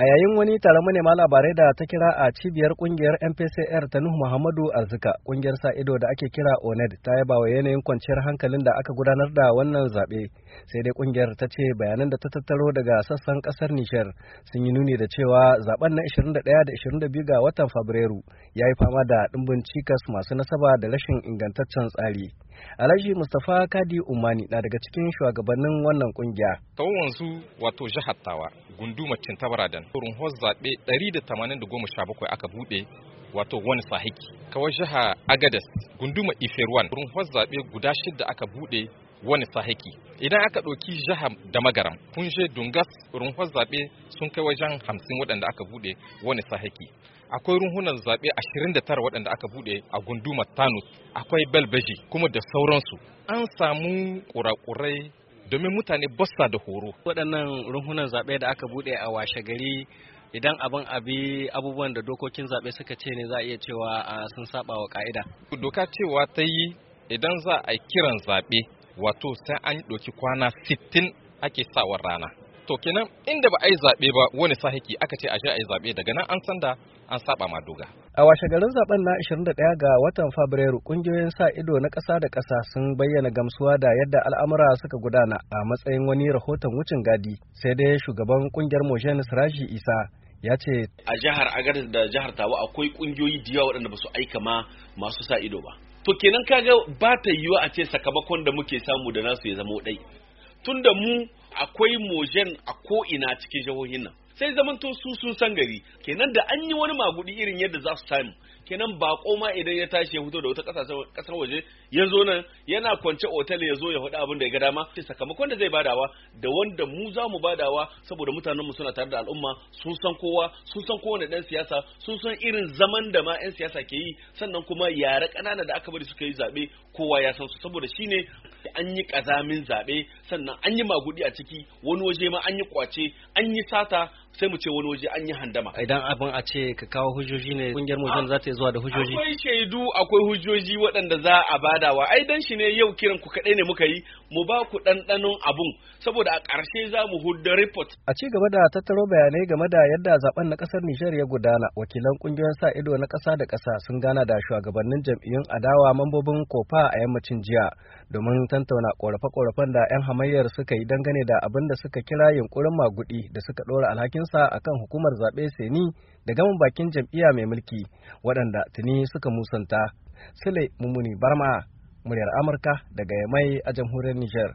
A yayin wani taron manema labarai da ta kira a cibiyar kungiyar MPCR ta Nuhu Muhammadu Arzika, kungiyar sa ido da ake kira ONED ta yaba wa yanayin kwanciyar hankalin da aka gudanar da wannan zaɓe. sai dai kungiyar ta ce bayanan da ta tattaro daga sassan kasar nishar sun yi nuni da cewa zaben na 21 da 22 ga watan fabrairu ya yi fama da ɗumbin cikas masu nasaba da rashin ingantaccen tsari alhaji mustapha kadi umani na daga cikin shugabannin wannan kungiya tawon su wato jihar tawa gunduma tabaradan turin hos zaɓe 187 aka buɗe wato wani sahiki kawai jiha agadas gunduma iferwan turin hos zaɓe guda shida aka buɗe wani sahiki idan aka ɗauki jihar da magaram kun je dungas runhon zaɓe sun kai wajen hamsin waɗanda aka buɗe wani sahiki akwai runhunan zaɓe 29 waɗanda aka buɗe a gunduma tanus akwai belbeji kuma da sauransu an samu kurakurai domin mutane bassa da horo waɗannan runhunan zaɓe da aka buɗe a washe gari idan abin abi abubuwan da dokokin zaɓe suka ce ne za a iya cewa ah, sun saba wa ka'ida doka cewa ta yi idan za a kiran zaɓe wato sai an ɗauki kwana sittin ake sawa rana to kenan inda ba a yi zaɓe ba wani sahiki aka ce a je a yi zaɓe daga nan an sanda an saba ma doga. A washegarin zaben na 21 ga watan Fabrairu kungiyoyin sa ido na ƙasa da ƙasa sun bayyana gamsuwa da yadda al'amura suka gudana a matsayin wani rahoton wucin gadi sai dai shugaban kungiyar mojen Sirashi Isa ya ce a jihar Agadez da jihar Tawa akwai kungiyoyi da yawa waɗanda ba su aika ma masu sa ido ba. to kenan kaga ba ta yiwu a ce sakamakon da muke samu da nasu ya zama ɗai tunda mu akwai mojen a ko'ina cikin jihohin nan sai zamanto su sun san gari kenan da an yi wani magudi irin yadda za su samu kenan bako ma idan ya tashi ya fito da wata kasar waje ya zo nan yana kwance otal ya zo ya faɗi abin da ya ga dama sakamakon da zai badawa da wanda mu za mu badawa saboda mutanen mu suna tare da al'umma sun san kowa sun san kowane dan siyasa sun san irin zaman da ma yan siyasa ke yi sannan kuma yare ƙanana da aka bari suka yi zaɓe kowa ya san su saboda shine yake an yi ƙazamin zaɓe sannan an yi magudi a ciki wani waje ma an yi kwace an yi sata sai mu ce wani waje an yi handama idan abin a ce ka kawo hujjoji ne kungiyar mujan ah. za ta zuwa da hujjoji akwai shaidu akwai hujjoji waɗanda za a badawa ai dan shi ne yau kiran ku kaɗai ne muka yi mu ba ku ɗanɗanon abun saboda a ƙarshe za mu hudda report a ci gaba da tattaro bayanai game da yadda zaben na kasar Nijar ya gudana wakilan kungiyar sa ido na kasa da kasa sun gana da shugabannin jam'iyyun adawa mambobin kofa a yammacin jiya domin tantauna ƙorafe-ƙorafen da 'yan hamayyar suka yi dangane da abin da suka kira yunkurin magudi da suka ɗora alhakin a kan hukumar zaɓe seni da gaman bakin jam'iyya mai mulki waɗanda tuni suka musanta sule mummuni barma muryar amurka daga yamai a jamhuriyar Nijar.